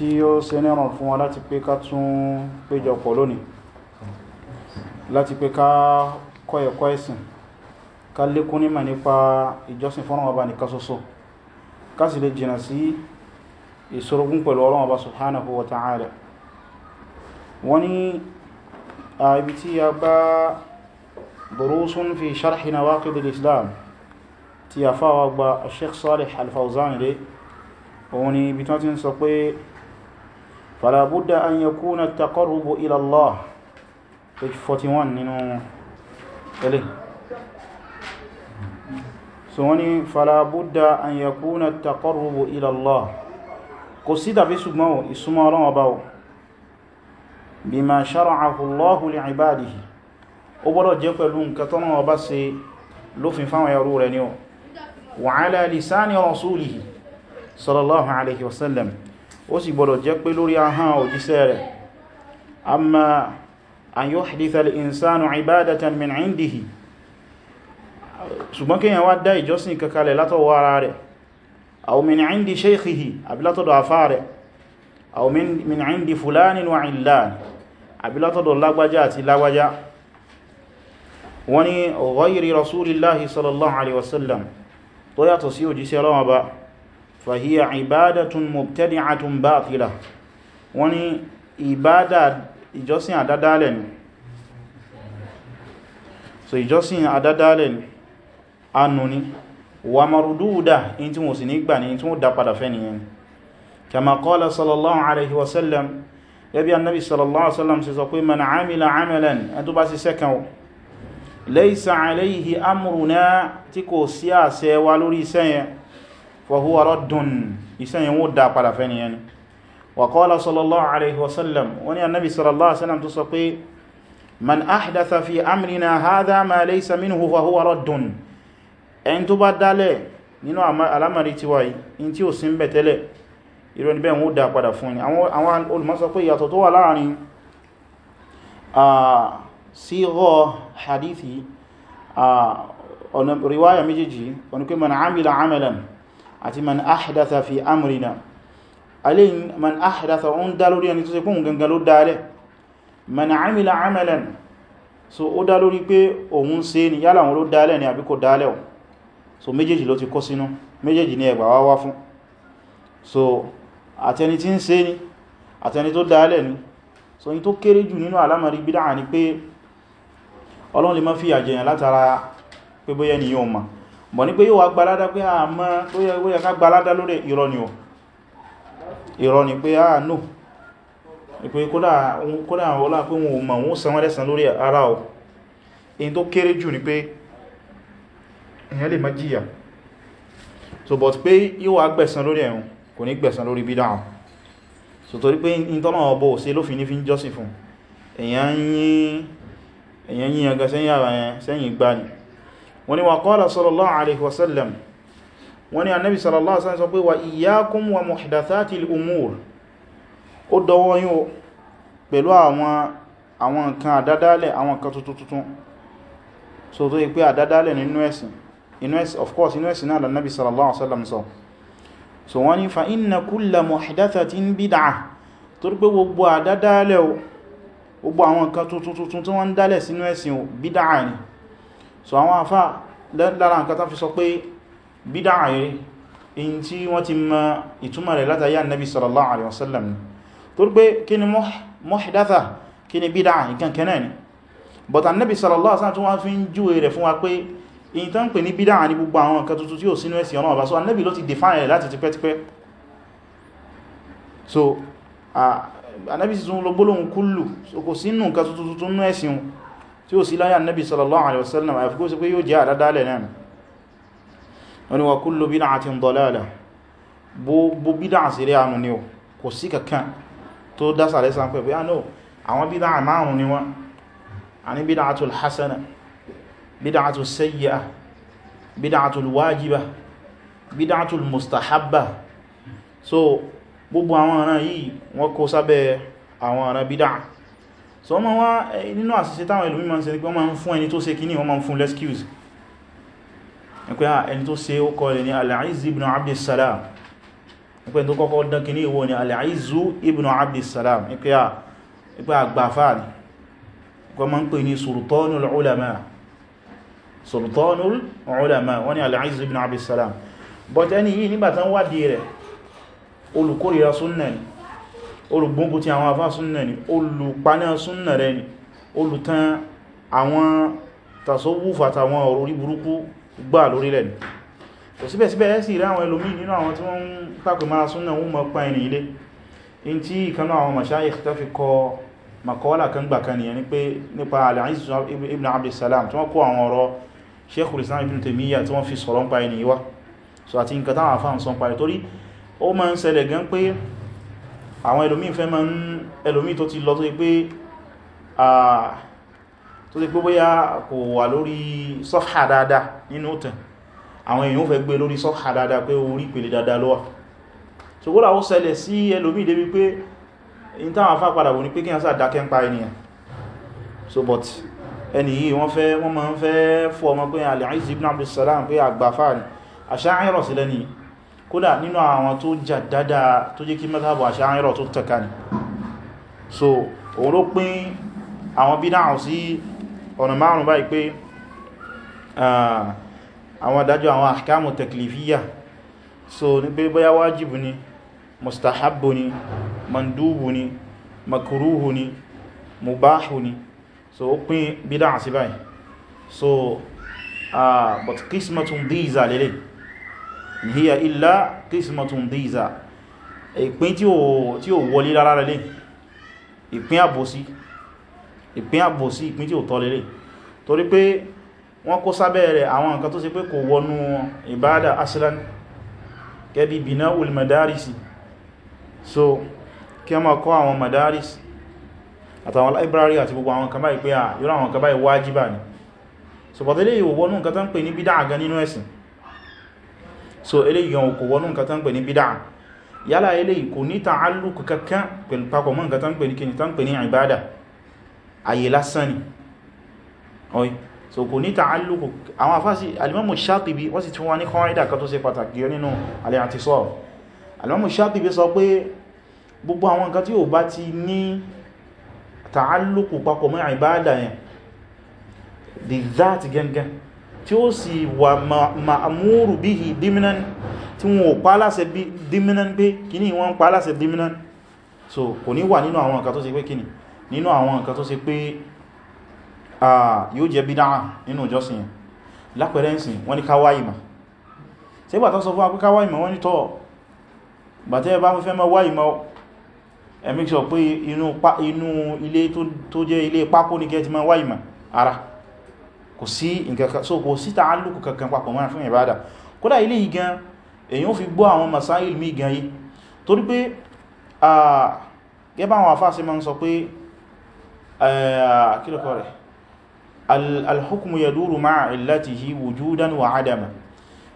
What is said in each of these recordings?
tí ó ṣe nẹ́ràn fún wa láti pé ká tún péjọpọ̀ lónìí láti pé ká kọ́ ẹ̀kọ́ ẹ̀sìn ká lékún nímọ̀ nípa ìjọsìn fún Ọlọ́run Ọba nìkan ṣoṣo ká sì lè jìnà sí ìṣorogún pẹ̀lú Ọlọ́run Ọba subhanahu wa ta'ala wọ́n ní ibi tí a bá ni ibi tí wọ́n ti ń sọ pé فلا بد ان يكون التقرب الى الله 41 نينو الي سوني فلا بد ان يكون التقرب الى الله قصيدا بسمو اسمارون اباو بما شرعه الله لعباده obodo je pelu nkan to ran oba se lofin fa won yoru re ni o wa ala lisani rasulih sallallahu alayhi wa sallam ó sì gbọ́dọ̀ jẹ́ pé lórí ahán òjíṣẹ́ rẹ̀ amma an yuhditha al-insanu ibadatan min indihi ṣùgbọ́n kíyàn wá dá ìjọsìn kakalẹ̀ látọwọ́ ara rẹ̀ aw min indi shaykhihi àbí látọ̀dọ̀ afá rẹ̀ aw min indi fulanin wa illan àbí látọ̀dọ̀ lágbájá àti lágbájá wani ghayri rasulillahi sallallahu alaihi wasallam tó yàtọ̀ sí òjíṣẹ́ ọlọ́wọ́ ba fàhíyà ìbádatun mubtadi'atun bátila wọ́n ní ìbádà ìjọsìn àdádálẹ̀ ni so ìjọsìn àdádálẹ̀ ni anù ni wà marudúdà in tí wọ́n sì nígbà ní tí wọ́n dá padà fẹ́ nìyẹn kama qala sallallahu alaihi wasallam gẹ́bí annabi sallallahu alaihi wasallam sì sọ pé man amila amalan ẹn tó bá sì sẹ́kàn laysa alaihi amruna tí kò sí àṣẹ wa lórí iṣẹ́ yẹn فهو رد إسان يمود على فنيان وقال صلى الله عليه وسلم وني النبي صلى الله عليه وسلم تسقي من أحدث في أمرنا هذا ما ليس منه فهو رد ẹni tó bá dálẹ̀ nínú alámàrí ti wáyé in tí ó sí ń bẹ̀ tẹ́lẹ̀ ìrọ̀ níbẹ̀ wọ́n dá padà fún ni àwọn olùmọ́sọ pé ìyàtọ̀ tó àti man ahdatha fi amrina alayhi man ahdatha ó ń dá lórí ẹni tó ṣe kún gangan ló dáálẹ̀ man amila amalan so ó dá lórí pé òun ṣe ni yálà wọn ló dáálẹ̀ ni àbí kò dáálẹ̀ o so méjèèjì ló ti kó sínú méjèèjì ni ẹgbà wá fún so àtẹni tí ń ṣe ni àtẹni tó dáálẹ̀ ni so ní tó kéré jù nínú alámàrí bídá ni pé ọlọ́run lè má fi àjẹyàn látara pé bóyá ni yóò máa bọ̀ ní pé yóò wá gbalada pé a ah, mọ́ tó yẹ ká gbalada lórí irọ́ ni o irọ́ ni pé a ah, no pé kódà àwọn ọlá pé wọn ò mọ̀ wọn sanwọ́ lẹ́sàn lórí ara o èyí tó kéré jù ni pé èyàn lè má jìyà so but pé yóò wá gbẹ̀san lórí ẹ̀hùn kò ní gbẹ̀san lórí bídá ọ̀ so torí pé ìtọ́nà ọbọ̀ ò ṣe lófin ní fi ń jọ́sìn fún èyàn yíyan wọ́n ni wa qala sallallahu alaihi wasallam wọ́n ni annabi sallallahu alaihi wasallam sọ pé wa iyyakum wa muhdathatil umur ó dọwọ́ yín pẹ̀lú àwọn àwọn nǹkan àdádálẹ̀ àwọn nǹkan tuntun so tó yí pé àdádálẹ̀ nínú ẹ̀sìn inú ẹ̀sìn of course inú ẹ̀sìn náà lannabi sallallahu alaihi wasallam sọ so wọ́n ni fa inna kulla muhdathatin bid'ah torí pé gbogbo àdádálẹ̀ gbogbo àwọn nǹkan tuntun tí wọ́n ń dálẹ̀ sínú ẹ̀sìn bid'ah ni so àwọn afá lára nǹkan tán fi sọ pé bídá àyẹ́ in tí wọ́n ti ma ìtumọ̀ rẹ̀ látàrí annabi sallallahu alaihi wasallam ni tó rí pé kí ni muhdatha kí ni bídá nǹkan kẹ́nẹ̀ ni but annabi sallallahu alaihi wasallam tó wá fi ń júwe rẹ̀ fún wa pé in tán pè ní bídá ní gbogbo àwọn nǹkan tuntun tí tí ó sí láyé annabi sallallahu alaihi wasallam a fíkó sí pé yóò jẹ́ àdádálẹ̀ náà wani wa kullu bid'atin dalalah bó bídá sí rí àánú ni ó kò sí kankan tó dásà rẹ̀ sàn pẹ̀lú àánú ah, àwọn bídá márùn ni wọ́n mustahabba so gbogbo àwọn ọ̀ràn yìí wọ́n kó sábẹ́ àwọn ọ̀ràn bid'ah so wọ́n ma wá eh, nínú àṣìṣe táwọn ìlú mímọ̀ sí pé wọ́n ma ń fún ẹni tó ṣe kíní wọ́n ma ń fún lẹ́skíùs ẹ̀kọ́ ah, ẹni tó ṣe ó kọlẹ̀ ní Al-Izz ibn Abdissalam ẹ̀kọ́ tó kọ́kọ́ dán kíní ìwọ ni Al-Izz ibn Abdissalam ẹ̀kọ́ ah, àgbàfà ni ẹ̀kọ́ ma ń pè ní Sultanul Ulama Sultanul olùgbóngbò ti àwọn afá súnnà ni olùpaná súnnà rẹ ni olùtàn àwọn tasowuf àtàwọn ọ̀rọ̀ orí burúkú gbà lórílẹ̀ ni kò síbẹ̀síbẹ̀ ẹ́ sì rí àwọn ẹlòmí nínú àwọn tí wọ́n ń tàpẹ̀ máa súnnà wọ́n mọ́ pa ẹni ilé in tí ìkanú àwọn mashayikh tó fi kọ makọ́lá kan gbà kan nìyẹn pé nípa al-Aziz ibn Abdissalam tí wọ́n kó àwọn ọ̀rọ̀ Sheikhul Islam ibn Taymiyyah tí wọ́n fi sọ̀rọ̀ ń pa ẹni ìwá so àti nǹkan táwọn afáàn sọ ń pa ẹ̀ torí ó máa ń ṣẹlẹ̀ gan pé àwọn ẹlòmíì fẹ́ máa ń ẹlòmíì tó ti lọ tó ti pé tó ti pé bóyá kò wà lórí sọ́fà dáadáa nínú òtàn àwọn èèyàn fẹ́ gbé lórí sọ́fà dáadáa pé orí pèlè dáadáa lọ́wà so kó làwọ́ ṣẹlẹ̀ sí ẹlòmíì débi pé in táwọn afá padà wò ní pé kí wọ́n sáà dákẹ́ kódà nínú àwọn tó jà dáadáa tó jẹ́ kí mẹ́tàbù àṣáyẹ̀rọ̀ tó tẹ̀ka ni so òun ló pín àwọn bídáhùn sí ọ̀nà márùn-ún báyìí pé àwọn adájọ́ àwọn ahkamu taklifiyya so ní pé bóyá wájìbù ni mustahabbu ni mandubu ni makruhu ni mubahu ni so ó pín bídáhùn sí báyìí so uh, but kismatun díza lélẹ́yìí in hiya illa qismatun ìpín tí ó wọlé lára rẹ̀ ìpín àbòsí ìpín tí ó tọ́ lélẹ̀ torí pé wọ́n kó sábẹ́ rẹ̀ àwọn nǹkan tó ṣe pé kò wọnú ìbádà aslan kẹbi bina ul madarisi so kí a máa kọ́ àwọn madaris àtàwọn library àti gbogbo àwọn kan pé à yóò àwọn kan wájíbà ni so pàtàlẹ́ ìwọ̀wọ́nú nǹkan tó pè ní bídá àga nínú ẹ̀sìn so eléyìí gan kò wọnú nǹkan tán pè ní bídá yálà eléyìí kò ní ta'alluq kankan pẹ̀lú papọ̀ mọ́ nǹkan tán pè ní kíni tán pè ní ìbádà ayé lásán ni oi so kò ní ta'alluq àwọn afásí alimamu Shatibi wọ́n sì tún wá ní kọ́ńídà kan tó ṣe pàtàkì nínú al-i'tisam tí ó sì wà ma'amúrù bí i diminan tí wọ́n ò pa aláṣẹ bí diminan pé kíní wọ́n ń pa aláṣẹ diminan so kò ní wà nínú àwọn nǹkan tó ṣe pé kíní nínú àwọn nǹkan tó ṣe pé yóò jẹ́ bídáà nínú ìjọsìn yẹn lápẹẹrẹ ìsìn wọ́n ní káwá ìmọ̀ ṣe gbà tó sọ fún apíká wá ìmọ̀ wọ́n ní tọ́ bàtẹ́ bá fẹ́ mọ́ wá ìmọ̀ ẹ make sure pé inú ilé tó jẹ́ ilé pákó ní kẹ́ ti mọ́ wá ìmọ̀ ara kò sí nǹkankan so kò sí ta'alluku kankan papọ̀ mọ́ra fún ìbádà kódà ilé igan èyàn fi gbọ́ àwọn masáyìl mi gan yìí torí pé gẹ́bà àwọn afáṣẹ́ ma ń sọ pé kílùkọ́ rẹ̀ al-hukmu yaduru ma'a illatihi wujudan wa adama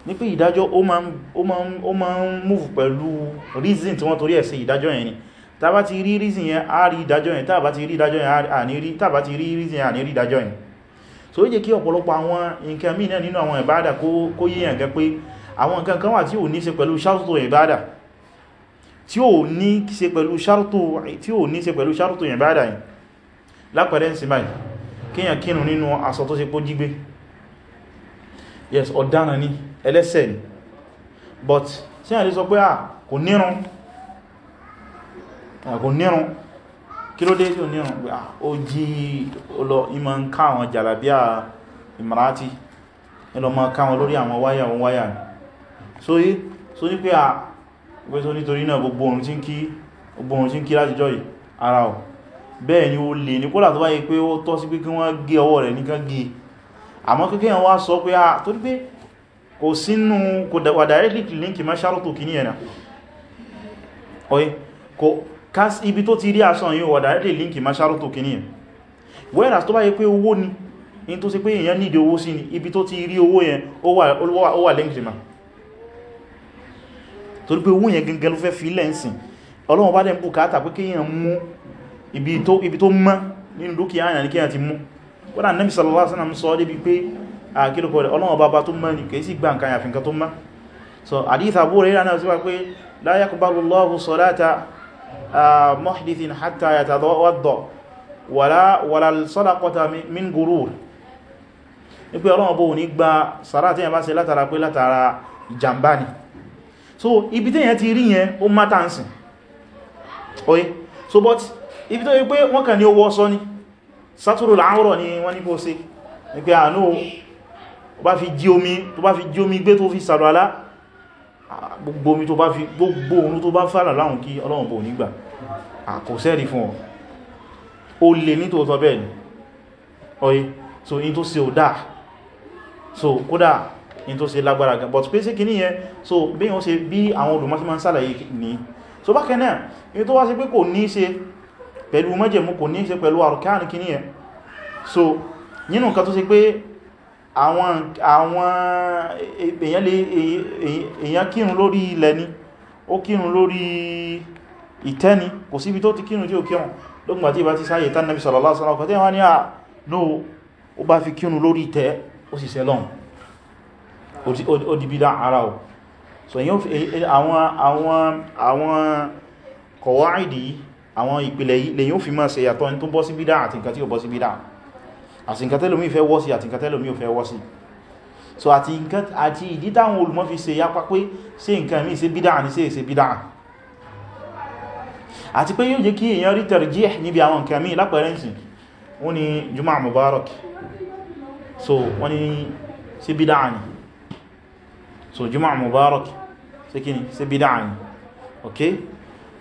ní pé ìdájọ́ ó ma ń move pẹ̀lú reason tí wọ́n torí ẹ̀ ṣe ìdájọ́ yẹn ni tàbá ti rí reason yẹn a rí ìdájọ́ yẹn tàbá ti rí ìdájọ́ yẹn a rí ìdájọ́ yẹn so ó jẹ́ kí ọ̀pọ̀lọpọ̀ àwọn nǹkan míì náà nínú àwọn ìbádà kó yíyàn gẹ́ pé àwọn nǹkan kan wà tí ò ní ṣe pẹ̀lú ṣárùtò ìbádà tí ò ní ṣe pẹ̀lú ṣárùtò tí ò ní ṣe pẹ̀lú ṣárùtò ìbádà yìí lápẹ̀rẹ́ ń sì báyìí kíyàn kínú nínú aṣọ tó ṣe pó jígbé yes ọ̀daràn ni ẹlẹ́sẹ̀ ni but tí a lè sọ pé à kí ló dé tí ó ní ọ̀rùn pé ah, ó jí ọlọ ìmọ̀ ń ká àwọn jàlàbíà ìmọ̀láti ẹlọ ma ká wọn lórí àwọn wáyà wọn wáyà ní so ní pé à ah, pẹ́sọ nítorí náà gbogbo ohun tí ń kí láti jọ yìí ara ọ̀ bẹ́ẹ̀ ni ó lè ní kódà tó bá yẹ pé ó tọ́ sí pé kí wọ́n gé ọwọ́ rẹ̀ nìkan gé e. àmọ́ kí wọ́n wá sọ pé à ah, torí pé kò sínú kò wà directly link masharo tó kì ní ẹ̀nà ibi tó ti rí aṣọ yíò wà dáadé líǹkì ma ṣáròtò kìíní whereas tó bá yẹ pé owó ni in tó sì pé èyàn nídi owó sí ni ibi tó ti rí owó yẹn ó wà líǹkì ma torí pé owó yẹn gẹ́gẹ́ ló fẹ́ fi lẹ́ǹsìn ọlọ́run bá dẹ̀ ń bùkátà pé kíyàn mú ibi tó mọ́ nínú dúkìá àyàn ní so àdíta bó rẹ̀ ìrànà sí wá pé la yaqbalu Allahu محدث حتى يتوضا ولا ولا الصدقه من غرور ní pé Ọlọ́run bó ní gba sàrá tí yẹn bá ṣe látara pé látara ìjàmbá ni so ibi tí yẹn ti rí yẹn ó mátà ń sìn oye so but ibi tó yí pé wọ́n kàn ní owó ọsọ́ ní sátúrò láàárọ̀ ni wọ́n ní kó ṣe ní pé àánú tó bá fi jí omi gbé tó fi sàrọ̀ alá gbogbo omi tó bá fi gbogbo oorun tó bá fàlà láhùn kí ọlọ́run bò nígbà àkọsẹ́rì fún ọ o lè ní tòótọ́ bẹ́ẹ̀ ni ọyí so in tó ṣe ò dáa so kódà in tó ṣe lágbára gan but pé sí kì so bí wọ́n ṣe bí àwọn olùmọ́sí máa ń sàlàyé ní so bákan náà in tó wá sí pé kò ní ṣe pẹ̀lú mọ́jẹ̀mú kò ní ṣe pẹ̀lú àrùkáàrùn àwọn àwọn èyàn lè èyàn kírun lórí ilẹ̀ ni ó kírun lórí ìtẹ́ ni kò síbi tó ti kírun tí ó kírun lókùnbà tí ìbá ti sáyè tán Nabi sallallahu alaihi wọ́n ni à no ó bá fi kírun lórí ìtẹ́ ó sì sẹ́lọ́n ó di bídá ara so àwọn kọ̀wáìdì àwọn ìpìlẹ̀ lèyìn ó fi máa ṣe yàtọ̀ ní tó bọ́ sí bídá àti nǹkan tí ó bọ́ sí àti nǹkan tẹ́lòmí fẹ́ wọ́ sí àti nǹkan tẹ́lòmí ò fẹ́ wọ́ so àti nǹkan àti ìdí táwọn olùmọ̀ fi ṣe yapa pé ṣe nǹkan mí ṣe bídá ní ṣe ṣe bídá àti pé yóò jẹ́ kí èèyàn rí tarjih níbi àwọn nǹkan mí lápẹrẹnsì wọ́n so wọ́n ni so Juma Mubarak ṣe kí ni ṣe bídá ní ok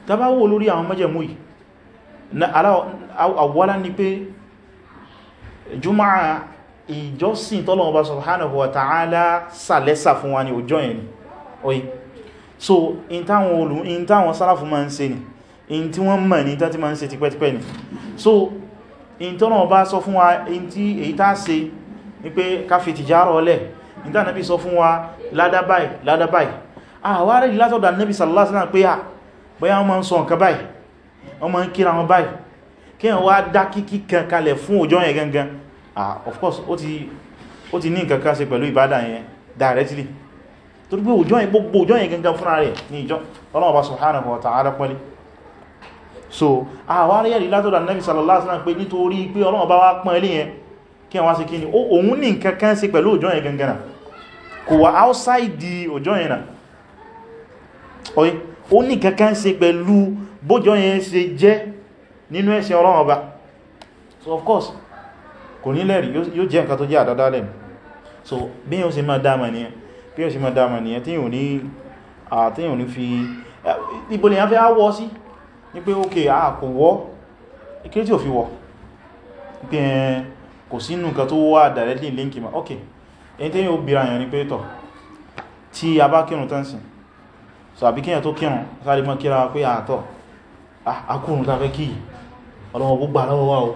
tabawo lórí àwọn májẹ̀mú jùmọ́ ìjọsìn tọ́lọ̀ ọba subhanahu wa ta'ala sàlẹ́sà fún wa ní ọjọ́ yẹn ni oye so in táwọn olù in táwọn sálàfù ma ń ṣe ni in tí wọ́n mọ̀ ní tàbí ma ń ṣe tipẹ́tipẹ́ ni so in tọ́lọ̀ ọba sọ fún wa in tí èyí tá ṣe ní pé káfí ti járọ ọlẹ̀ in tá sallallahu alaihi wasallam pé à bóyá wọ́n ma ń sọ nǹkan báyìí wọ́n ma ń kíra wọn báyìí kí wọ́n wá dá kíkí kan fún ọjọ́ yẹn gangan ah of course ó ti ó ti ní nǹkan kan ṣe pẹ̀lú ìbádà yẹn directly tó gbé òjò yẹn gbogbo òjò yẹn gangan fúnra rẹ̀ ní ìjọ Ọlọ́run bá subhanahu wa ta'ala pẹ́lú so àwọn aríyàrí látọ̀dọ̀ Ànábì sallallahu alaihi wasallam pé nítorí pé Ọlọ́run bá wá pọ́n ilé yẹn kí wọ́n sí kíni òun ní nǹkan kan ṣe pẹ̀lú òjò yẹn gangan kò wà outside òjò yẹn náà ó ní nǹkan kan ṣe pẹ̀lú bójò yẹn ṣe jẹ́ nínú ẹ̀sìn Ọlọ́run ọba so of course kò ní lẹ́rí yóò jẹ́ nǹkan tó jẹ́ àdádá lẹ́nu so bí yóò sì máa dáma ní bí yóò sì máa dáma ní tí yóò ní fi ibo lè fẹ́ àwọ́ sí ní pé ókè àkò wọ́ ikiri tí ò fi wọ́ pé kò sínú nǹkan tó wà directly link ma ok ẹni tí yóò bèèrè àyàn ní pé tọ̀ tí a bá kírun tán so àbí kíyàn tó kírun sáré mọ́ kíra pé àtọ̀ akúrun ta fẹ́ kí ọlọ́wọ́ gbogbo àlọ́wọ́ wá o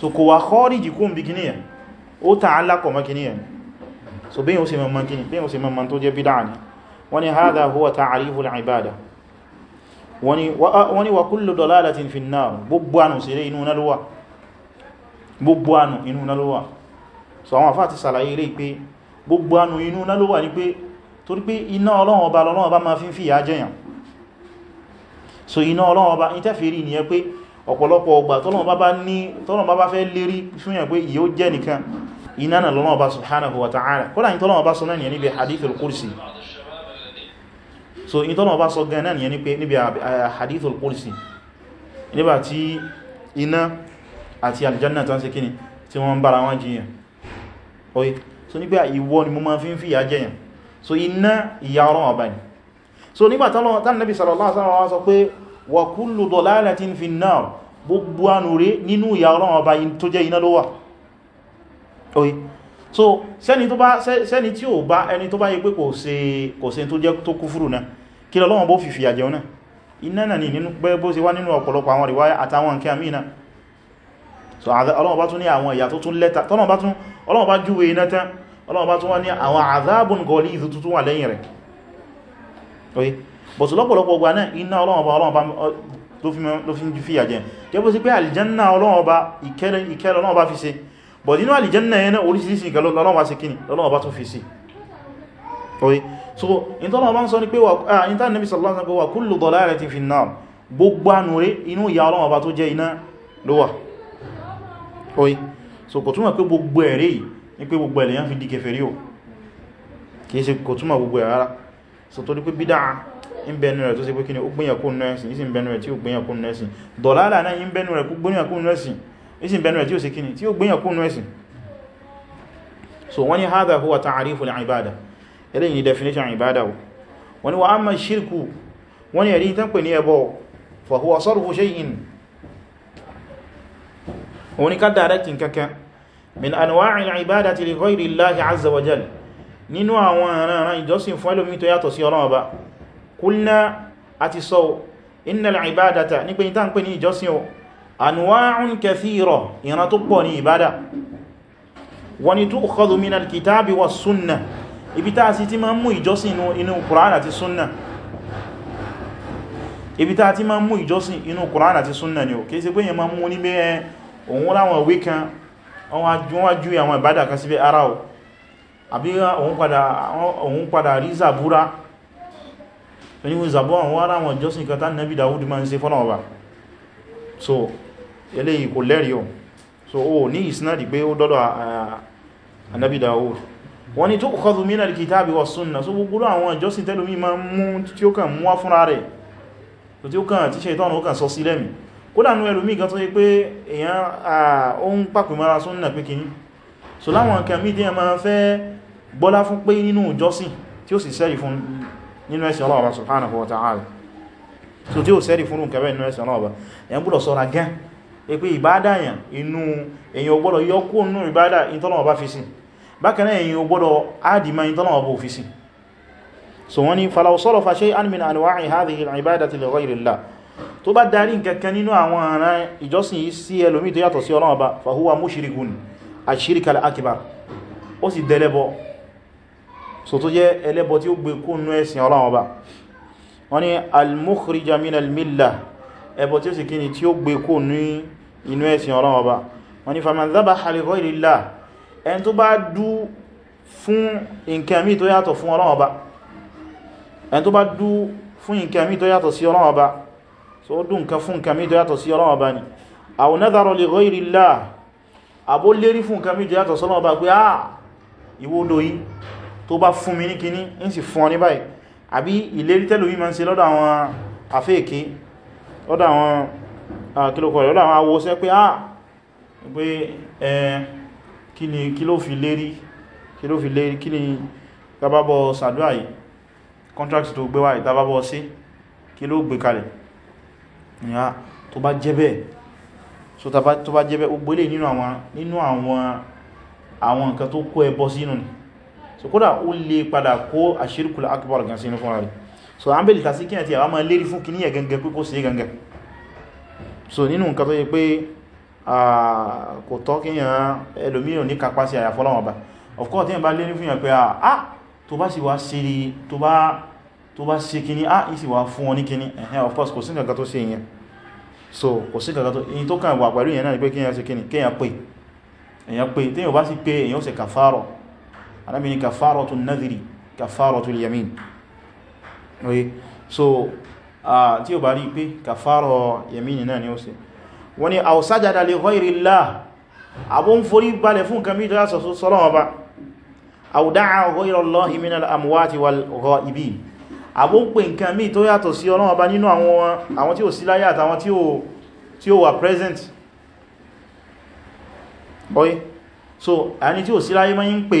so kò wà khariji kún bí kìníyà ó ta'allaqo mọ́ kìníyà so bí yíò se mọ́ kìní bí yíò se mọ́ tó jẹ́ bídá ni wọ́n ni hadha huwa ta'arifu al-ibada wọ́n ni wa kullu dalalatin fi an-nar gbogbo anù sí inú nálúwà gbogbo anù inú nálúwà so àwọn afá ti sàlàyé ilé pé gbogbo iná ọlọ́run ní tẹ́fẹ̀ẹ́rí ni ẹ pé ọ̀pọ̀lọpọ̀ ọgbà tọ́lọ̀n bá fẹ́ lérí fúnyàn pé yíó jẹ́ nìkan iná nà lọ́nà ọba subhanahu wa ta'ala kọ́lá ní tọ́lọ̀n bá sọ náà níbi hadithul so in tọ́lọ̀n bá sọ gan náà níbi eh, hadithul kursi nígbà tí iná àti aljanna tán ṣe kíni tí wọ́n bára wọn so nígbà ìwọ ni mo máa fi ń fi so iná ìyà ọ̀rọ̀ ọba ni so nígbà tán nabi sallallahu alaihi wasallam sọ pé wa kullu dalalatin fi an-nar gbogbo anúre nínú ìyà ọlọ́run ọba tó jẹ́ iná oye so sẹ́ni tó bá sẹ́ni tí ó bá ẹni tó bá yẹ pé kò ṣe kò ṣe tó jẹ́ tó kúfùrù náà kí lọ́lọ́run bó fi fìyà jẹun náà iná náà ni nínú pé bó ṣe wá nínú ọ̀pọ̀lọpọ̀ àwọn ìwáyà àtàwọn nǹkan àmì náà so ọlọ́run bá tún ní àwọn ìyà tó tún ba tun bá ba juwe bá júwe iná tán ọlọ́run bá tún wá ní àwọn àzábùn gọlí ìzútútù wà lẹ́yìn rẹ̀ but lọ́pọ̀lọpọ̀ ọgbà náà iná Ọlọ́run ọba Ọlọ́run ọba uh, ló fi ń fìyà jẹ kí bó sí pé àlìjánná Ọlọ́run ọba ìkẹ́ Ọlọ́run ọba fi ṣe but nínú àlìjánná yẹn oríṣìíríṣìí nǹkan Ọlọ́run ọba ṣe kíni Ọlọ́run ọba tó fi ṣe oye so in tọ́lọ́run ọba ń sọ ní pé in tán nabi sallallahu alaihi wa kullu dalalatin fin nar gbogbo anure inú ìyà Ọlọ́run ọba tó jẹ́ iná ló wà oye so kò túnmọ̀ pé gbogbo ẹ̀rẹ́ yìí ní pé gbogbo ẹ̀lẹ́yàn fi di kèfèrí o kìí ṣe kò túnmọ̀ gbogbo ẹ̀ rárá so torí pé bídáà ń bẹnu rẹ̀ tó ṣe pé kí ni ó gbìyàn kó nẹ́sìn ìsìn bẹnu rẹ̀ tí ó gbìyàn kó nẹ́sìn dọ̀lálà náà ń bẹnu rẹ̀ kó gbìyàn kó nẹ́sìn ìsìn bẹnu rẹ̀ tí ó ṣe kí tí ó gbìyàn kó nẹ́sìn so wani hadha huwa ta'arifu al-ibada eléyìí ni definition ibada wani wa amma shirku wani yari tan pè ní ẹbọ fa huwa sarfu shay'in wani ka direct nǹkankan min anwa'i al-ibadati li ghayri Allah azza wa jalla nínú àwọn ran ìjọsìn fún ẹlòmí tó yàtọ̀ sí Ọlọ́run ba kúlná àti sọ innal ibadata ní pé ní tán pè ní ìjọsìn o anwa'un kathira ìran tó pọ̀ ní ìbádà wani tu'khadhu min al-kitabi wa sunna ibi tá sì ti máa mú ìjọsìn inú Qur'an àti sunna ibi tá ti máa mú ìjọsìn inú Qur'an àti sunna ni o kìí ṣe pé yẹn máa mú ní bẹ́ eh, òun láwọn ìwé kan wọ́n wá ju àwọn ìbádà kan síbẹ̀ ara o àbí òun padà rí zàbúrá so ní ìzàbọ̀ àwọn ará wọn jọ́sìn kan tán nàbí Dawud ma ń ṣe fọ́nà ọba so eléyìí kò lẹ́rí o so o ní ìsinadi pé ó dọ́dọ̀ ànábì Dawud wọ́n ni tó kọ́dù min al-kitabi wa sunna so gbogbo àwọn jọ́sìn tẹ́lómi ma mú tí ó kàn mú wá fúnra rẹ̀ so tí ó kàn tí ṣe ìtọ́nà ó kàn sọ sí lẹ́mì kódà nú ẹlòmí gan tó yí pé èyàn ó ń pàpè mara sunna pé kìíní so láwọn kẹmí díẹ̀ ma fẹ́ gbọ́lá fún pé nínú jọ́sìn tí ó sì sẹ́rì fún nínú ẹ̀sìn ọlọ́ọ̀bá subhanahu wa ta'ala so tí ó sẹ́rì fún un kẹfẹ́ nínú ẹ̀sìn ọlọ́ọ̀bá ẹ̀yàn gbọ́dọ̀ sọ́ra gẹ́n pé ìbádàyàn inú èyàn ò gbọ́dọ̀ yọkú nínú ìbádà ìtọ́lọ̀ọ̀bá fi sí bákan náà èyàn ò gbọ́dọ̀ ádìmá ìtọ́lọ̀ọ̀bá fi sí so wọ́n so tó jẹ́ ẹlẹ́bọ tí ó gbé kúnnú ẹ̀sìn Ọlọ́run Ọba wọ́n ni al-mukhrija min al-millah ẹbọ tí ó sì kí ni tí ó gbé kúnnú inú ẹ̀sìn Ọlọ́run Ọba wọ́n ni faman dhabaha li ghayri Allah ẹni tó bá dú fún nǹkan mí tó yàtọ̀ fún Ọlọ́run Ọba ẹni tó bá dú fún nǹkan mí tó yàtọ̀ sí Ọlọ́run Ọba so ó dùn nǹkan fún nǹkan mí tó yàtọ̀ sí Ọlọ́run Ọba ni aw nadhara li ghayri Allah àbó lérí fún nǹkan mí tó yàtọ̀ sí Ọlọ́run Ọba pé ah ìwó lóyìn tó bá fún mi ní kíní ń sì fún ọ ní báyìí àbí ìlérí tẹ́lù yí ma ń ṣe lọ́dọ̀ àwọn àfẹ́ẹ̀kẹ́ lọ́dọ̀ àwọn kílòkọ̀ rẹ̀ lọ́dọ̀ àwọn awọ́sẹ́ pé ah pé ẹ kí ló fi lérí kí ni tàbábọ̀ sàdúrà yìí contract tó gbé wáyìí tàbábọ̀ sí kí ló gbé kalẹ̀ ìyá tó bá jẹ́ bẹ́ẹ̀ so tó bá jẹ́ bẹ́ẹ̀ ó gbélé nínú àwọn nínú àwọn àwọn nǹkan tó kó ni so kódà ó lè padà kó àṣírkùlá akbar gan sínú fún ààrẹ so a ń bèèrè tàbí kíyàn tí a wá máa lérí fún kíníyà gangan pé sí gangan so nínú nǹkan tó yẹ pé kò tọ́ kíyàn ẹlòmíràn ní kápá sí àyàfọ́láwọn of course tíyàn bá lérí fún yàn pé a tó bá sì wá sí tó bá sí kíní a ìsì ní kíní of course kò sí nǹkan tó sí ìyẹn so kò sí nǹkan tó ìyìn tó kàn wà pẹ̀lú ìyẹn náà ni pé kíyàn sí kíní kíyàn pé èyàn pé tíyàn bá sì pé èyàn ó ṣe kàfàrọ̀ anábi ni kàfàrọ̀tù nadhiri kàfàrọ̀tù yamin oye so tí ó bá rí pé kàfàrọ̀ yamin náà ni ó ṣe wọ́n ni aw sajada li ghayrillah abun forí balẹ̀ fún kàmí da sọ sọ́lọ́wọ́ ba aw da'a ghayrallahi minal amwati wal ghaibin abun pè nǹkan mí tó so àni tí ó sí láyé mọ́ yí ń pè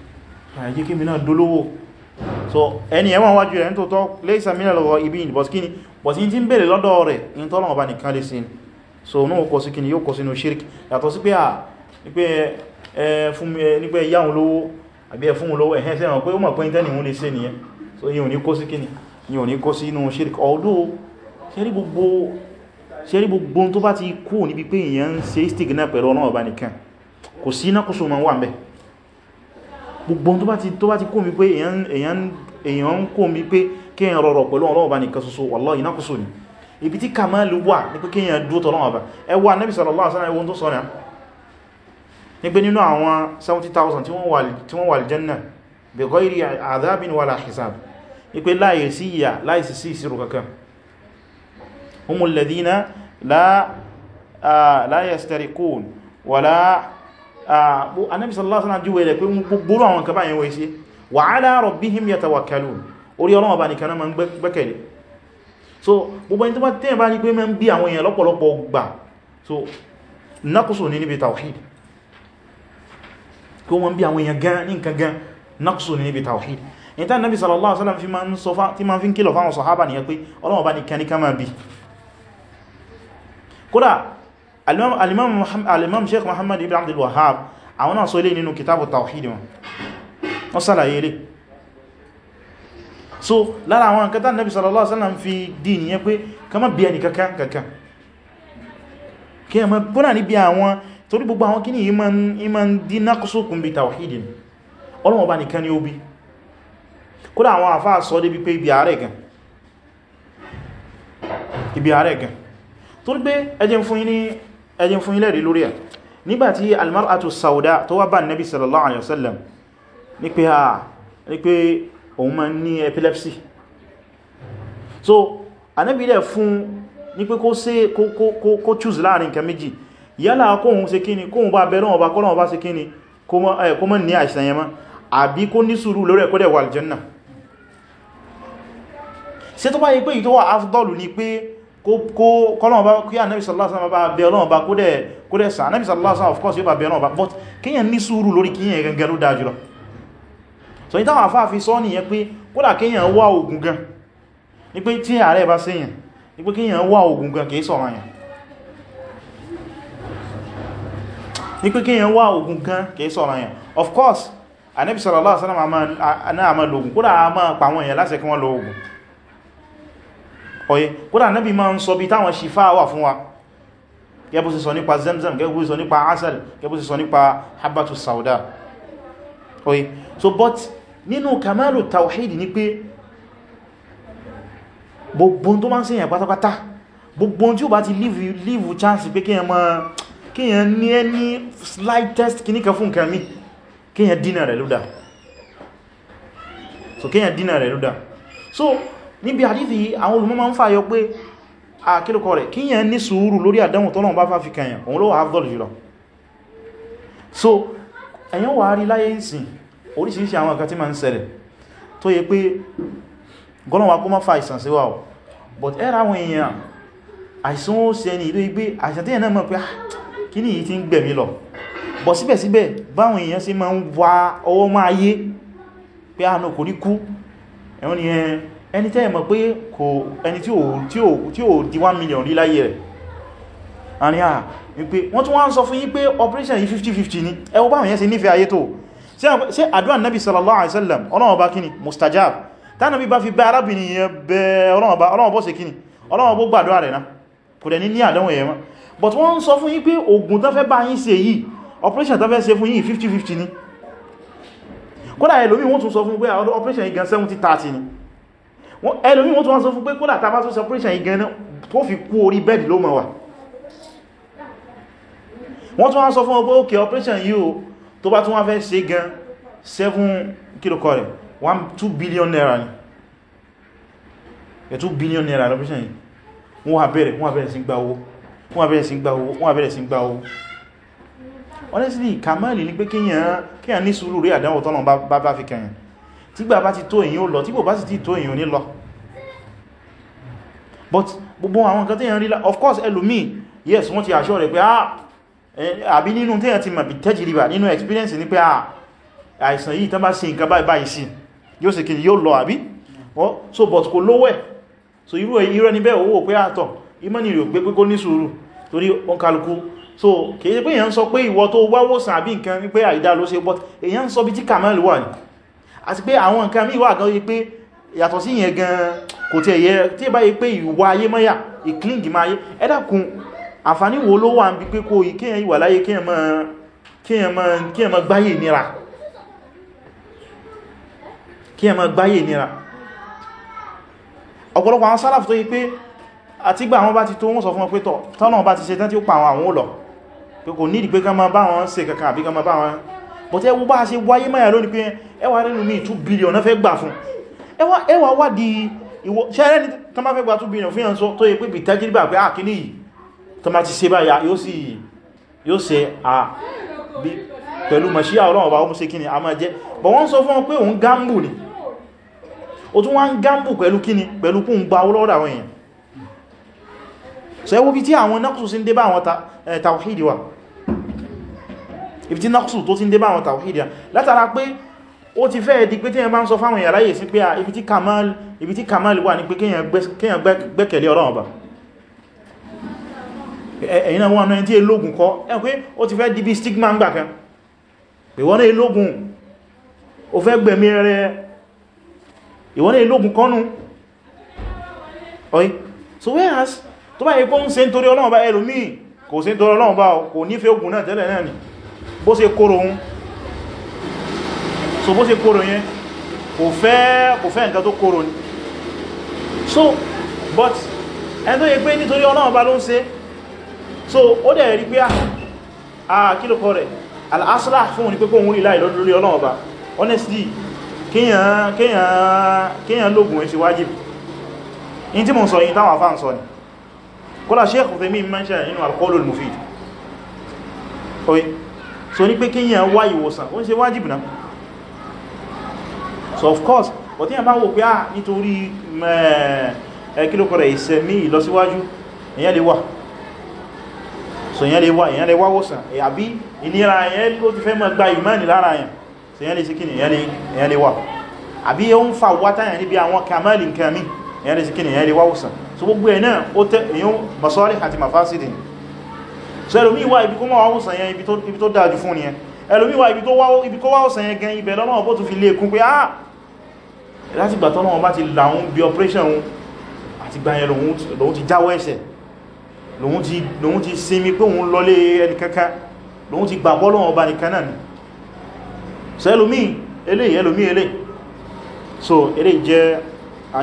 àyíké kí mi náà dolówó so ẹni ẹwọ́n wájú rẹ̀ tó tọ́ lẹ́ìsà mílẹ̀ lọ́wọ́ ibi ìbọ̀ sí kíni bọ̀ sí tí ń bèèrè lọ́dọ̀ rẹ̀ in tọ́lọ̀ ọba nìkan lè sin so ní ó kọ sí kíni yóò kọ sínú shirk yàtọ̀ sí pé à nígbẹ́ yáhùn lówó àbí ẹ fún lówó ẹ̀hẹ́ sẹ́wọ̀n so yíò ní kó sí kíni yíò ní kó sí inú shirk ọdún ṣẹ́rí gbogbo ṣẹ́rí gbogbo tó bá ti kú níbi pé èèyàn ń gbogbo tó bá ti tó bá ti kó mi pé èyàn ń kó mi pé kí èyàn rọrọ̀ pẹ̀lú Ọlọ́run Ọba nìkan ṣoṣo wallahi ìnákùsù ni ibi tí kàmàlù wà ní pé kí èyàn dúró tọ́lọ́run Ọba ẹwà Ànábì sallallahu alaihi wasallam ẹwọ́n tó sọ́nà ní pé nínú àwọn 70,000 tí wọ́n Ah, Ànábì sallallahu alaihi wasallam júwe rẹ̀ pé gbogbo àwọn kan báyẹn wọ́n ṣe wa ala rabbihim yatawakkalun orí Ọlọ́run bá nìkan máa ń gbẹ́kẹ̀lé so gbogbo ẹni tó bá tẹ́yìn bá ní pé mẹ́ ń bí àwọn èèyàn lọ́pọ̀lọpọ̀ gbà so nákùsù ní níbi tawhid kí wọ́n bí àwọn èèyàn gan ní nǹkan gan nákùsù ní níbi tawhid in ta nabi sallallahu alaihi wasallam fi ma ń sọ tí ma fi ń kílọ̀ fáwọn sọ̀hábà nìyẹn pé Ọlọ́run bá nìkan ní ká máa bí kódà alimam sheikh muhammad ibn abdul wahab àwọn náà sọ ilé nínú kitabu tawhid wọn wọ́n sàlàyé ilé so lára àwọn nǹkan tán nabi sallallahu alaihi wasallam fi dí nìyẹn pé ká má bí ẹni kankan kankan kí ẹmọ bọ́nà níbi àwọn torí gbogbo àwọn kíní ìmọ̀ dí nákùsùkùn bí tawhid ni ọlọ́wọ́ bá nìkan ni ó bí kódà àwọn àfáà sọ ẹjìn fún ilẹ̀ rí lórí ẹ̀ nígbàtí almar'atu sauda tó wá bá nabi sallallahu alaihi wasallam ní pé ha ní pé òun ma ní epilepsy so anabi ilẹ̀ fún ní pé kó choose láàrin nǹkan méjì yálà kóhun ṣe kíni kóhun bá bẹ̀rún ọba kọ́lọ̀ ọba ṣe kíni kó mọ́ ní àìsàn yẹn mọ́ àbí kó ní sùúrù lórí ẹ̀kọ́ dẹ̀ wà aljanna ṣe tó bá yí pé ìtọ́wà afdọ́lù ni pé kọ́lọ́wọ́ bá kí ànábì sallallahu alaihi wasallam bá bẹ Ọlọ́run bá kó dẹ̀ sàn ànábì sallallahu alaihi wasallam of course yóò bá bẹ Ọlọ́run bá but kíyàn ní sùúrù lórí kíyàn gẹngẹn so ní táwọn àfáà fi sọ nìyẹn pé kódà kíyàn wá ogun gan ní pé tí ààrẹ bá sẹ́yìn ní pé kíyàn wá ogun gan kìí sọ̀rọ̀ yẹn ní pé kíyàn of course ànábì sallallahu alaihi wasallam máa lògùn kódà a máa pàwọn èèyàn láṣẹ kí wọ́n lo ogun oye kódà nábi ma ń sọ bí táwọn ṣífà wà fún wa gẹ́bù sí sọ nípa zemzem gẹ́bù sí sọ nípa asal gẹ́bù sí sọ nípa habatu sauda oye so but nínú kamalu tawhid ni pé gbogbo tó máa ń ṣèyàn pátápátá gbogbo tí ó bá ti leave chance pé kíyàn máa kíyàn ní ẹni slightest kìníkà fún nǹkan mi kíyàn dínà rẹ̀ lúdà so kíyàn dínà rẹ̀ lúdà so níbi àdífì àwọn olùmọ́ ma ń fàyọ pé àkílùkọ ah, rẹ̀ kíyàn ní sùúrù lórí àdánwò tọ́lọ̀n bá fàfi kẹyàn òun ló wà afdọ́lù jùlọ so ẹ̀yàn wà rí láyé ìsìn oríṣiríṣi àwọn nǹkan tí ma ń ṣẹlẹ̀ tó yẹ pé gọ́lọ̀wà kó but ẹ́ra àwọn èèyàn àìsàn ó ṣe ẹni ìlú igbé àìsàn tí ẹ̀ náà mọ̀ pé ah, but síbẹ̀síbẹ̀ báwọn èèyàn sí ma ń wa ọwọ́ máa yé pé àánú ah, kò ní kú ẹni tẹ́ mọ̀ pé kò ẹni tí ó di 1 million rí láyé rẹ̀ àní à ní pé wọ́n tún wá ń sọ fún yín pé operation yìí 50-50 ni ẹwọ báwọn yẹn ṣe nífẹ̀ẹ́ ayé tó ṣe àdúrà nabi sallallahu alaihi wasallam ọlọ́wọ́ bá mustajab tánàbí bá fi bá arábìnrin yẹn bẹ ọlọ́wọ́ bó ṣe kíni ọlọ́wọ́ bó gbàdúrà but wọ́n ń sọ fún yín pé ogun tán operation tán fẹ́ ṣe fún yín 50-50 ni kódà ẹlòmí wọ́n tún operation yìí gan 70-30 ni ẹlòmí wọ́n tún wọ́n sọ fún pé kódà tá bá tún separation igan tó fi kú orí bẹ́ẹ̀dì ló máa wà wọ́n tún wọ́n sọ fún ọgbọ́ òkè operation yìí o tó bá tún wọ́n fẹ́ ṣe gan 7 kílòkọ́ rẹ̀ 2 billion naira ni 2 billion naira operation yìí wọ́n wà bẹ̀rẹ̀ wọ́n bẹ̀rẹ̀ sí gba owó wọ́n bẹ̀rẹ̀ sí gba owó wọ́n bẹ̀rẹ̀ sí gba owó honestly kamali ni pé kíyàn ní sùúrù rí àdánwò tígbà bá ti tó èyàn lọ tígbà bá sì ti tó èyàn ní lọ but gbogbo àwọn nǹkan téèyàn rí of course ẹlòmíì yes wọ́n ti àṣọ́ rẹ̀ pé ah àbí nínú téèyàn ti mọ̀ bí tẹ́jìrìbà nínú experience ní pé ah àìsàn yìí tán bá ṣe nǹkan báyìí báyìí sí yóò sì kìí yóò lọ àbí so but kò lówẹ̀ so irú irú ẹni bẹ́ẹ̀ owó pé àtọ̀ ah, imani rẹ̀ gbé pé kó ní sùúrù so kìí pé èyàn sọ pé ìwọ tó wáwòsàn àbí nǹkan wípé àti pé àwọn nǹkan mí wà gan yí pé yàtọ̀ sí yẹn gan kò tẹ̀ yẹ tí bá yí pé ìwà ayé mọ́yà ìkílìngì máa yé ẹ dákun àǹfààní wo ló wà ń bí pé kó ìkéyàn ìwà láyé kéyàn mọ́ gbáyé nira kéyàn mọ́ gbáyé nira ọ̀pọ̀lọpọ̀ àwọn sálàfù tó yí pé àti gbà àwọn bá ti tó wọ́n sọ fún ọ pé tọ̀ tọ́nà bá ti ṣe tán tí ó pa àwọn àwọn ò lọ pé kò nídìí pé ká máa bá wọn ṣe kankan àbí ká máa bá wọn but ẹwọ bá ṣe wáyé máyà lónìí pé ẹwà nínú mi 2 billion náà fẹ́ gbà fún ẹwà wà di ìwọ ṣẹ́rẹ́ ní tán bá fẹ́ gbà 2 billion fíyàn sọ tó yẹ pé bìtẹ́jìlìbà pé àkíní ah, yìí tó má ti ṣe báyà yóò ṣe à pẹ̀lú mọ̀ṣíyà ọlọ́run ọba ọmọ ṣe kíni a máa jẹ́ but wọ́n sọ fún ọ pé òun gamble ni o tún wá ń gamble pẹ̀lú kíni pẹ̀lú kún gba olóòdà àwọn èèyàn so ẹwọ́ bí tí àwọn náà kùsù sí ń dé bá àwọn tàwíìdì eh, wà ibi tí náksù tó ti ń dé bá àwọn tàwíìdì látara pé ó ti fẹ́ di pé tí yẹn ń sọ fáwọn èèyàn láyè sí pé ibi tí kamal ibi kamal wà ní pé kéèyàn gbẹ́kẹ̀lé Ọlọ́run Ọba ẹ̀yìn àwọn ọmọ ẹni tí elógun kọ́ ẹ pé ó ti fẹ́ di bí stigma ń gbà kan pé wọ́n elógun ó fẹ́ gbẹ̀mí rẹ̀ ìwọ́n elógun kọ́nù ọ̀yí so whereas tó bá yẹ kó ń ṣe nítorí Ọlọ́run Ọba ẹlòmíì kò ṣe nítorí Ọlọ́run Ọba kò nífẹ̀ẹ́ ogun náà tẹ́lẹ̀ náà ni bó ṣe kóró ohun so bó ṣe kóró yẹn kò fẹ́ kò fẹ́ nǹkan tó kóró ni so but ẹni tó yẹ pé nítorí Ọlọ́run bá ló ń ṣe so ó dẹ̀ rí pé à ah, ah, kílòkọ rẹ̀ al-aslah fún òní pé kó ń rí láì lórí Ọlọ́run bá honestly kíyàn kíyàn kíyàn lógun ẹ̀ sí wájib in tí mo sọ yìí táwọn afá ń sọ ni kọ́lá Sheikh Uthaymeen mention nínú al-qawl al-mufid oye okay torí pé kíyàn wá ìwòsàn ó ń ṣe wájìbì náà so of course but tí a bá wò pé à ah, nítorí eh, eh, kílòkọ̀ rẹ̀ ìsẹ̀mí ìlọsíwájú èyàn lè wà so èyàn lè wà èyàn lè wáwòsàn eh, àbí ìnira èyàn ló ti fẹ́ mọ́ gba ìmáàni lára èyàn so èyàn lè sí kíni Abi lè wà àbí ẹ ń fa wátàyàn níbi àwọn kamali nkami èyàn lè sí kíni èyàn lè wáwòsàn so gbogbo ẹ̀ náà ó tẹ́ èyàn masọ́rí àti mafásídìn so ẹlòmí wá ibi kó mọ́ wá òsàn yẹn ibi tó dájú fún ni ẹ ẹlòmí wá ibi kó wá òsàn yẹn gan ibẹ̀ lọ́nà bó tún fi lè e kún pé ah láti gbà tọ́nà wọn bá ti làun bí operation wọn àti gbà yẹn lòun ti jáwọ́ ẹ̀ṣẹ̀ lòun ti sinmi pé òun lọlé ẹni kankan lòun ti gbàgbọ́ lọ́wọ́ ọba nìkan náà ni so ẹlòmí eléyìí ẹlòmí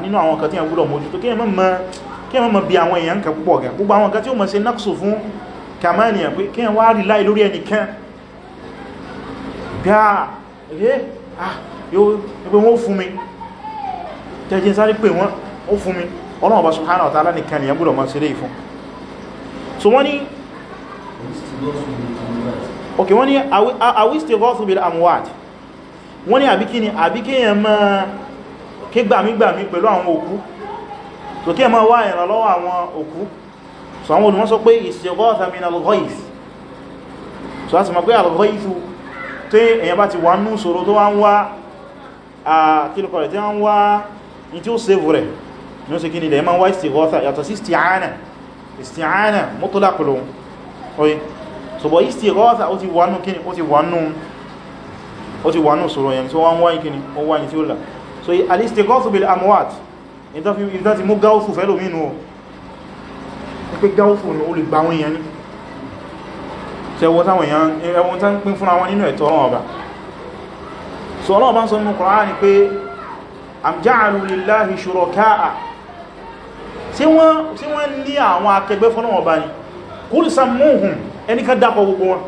a gbọ́dọ̀ mójútó kí ẹ mọ́ bí àwọn èèyàn kan púpọ̀ gan gbogbo àwọn nǹkan tí ó mọ̀ ṣe náksù fún kàmáníyàn pé kí wá rí láì lórí ẹnìkan bí a rẹ̀ ah yóò pé wọ́n fún mi jẹjẹ sáré pé wọ́n ó fún mi ọlọ́wọ́ bá subhanahu wa ta'ala nìkan nìyàn gbọ́dọ̀ máa ṣe lé ìfún so wọ́n ni ok wọ́n ni àwísítì rọ́fù bil amwat wọ́n ni àbíkíni àbíkíyàn máa kí gbàmígbàmí pẹ̀lú àwọn òkú so àwọn olùmọ́ sọ pé istighatha min al-ghayth so a sì mọ̀ pé al-ghaythu tí èyàn bá ti wà ní ìṣòro tó wọ́n wá kílùkọ̀ rẹ̀ tí wọ́n wá ní tí ó sèvù rẹ̀ ní ó sì kí ni ilẹ̀ ma wá istighatha yàtọ̀ sí isti'ana isti'ana mutlaqulu oye so bọ̀ istighatha ó ti ti wà nú ó ti wà nú ìṣòro yẹn tí wọ́n wá pé gáúfù ni ó lè gba àwọn èèyàn ṣẹwọ́ táwọn èèyàn ẹwọ́n tán ń sọ kul sammuhum ẹni ká dákọ̀ gbogbo wọn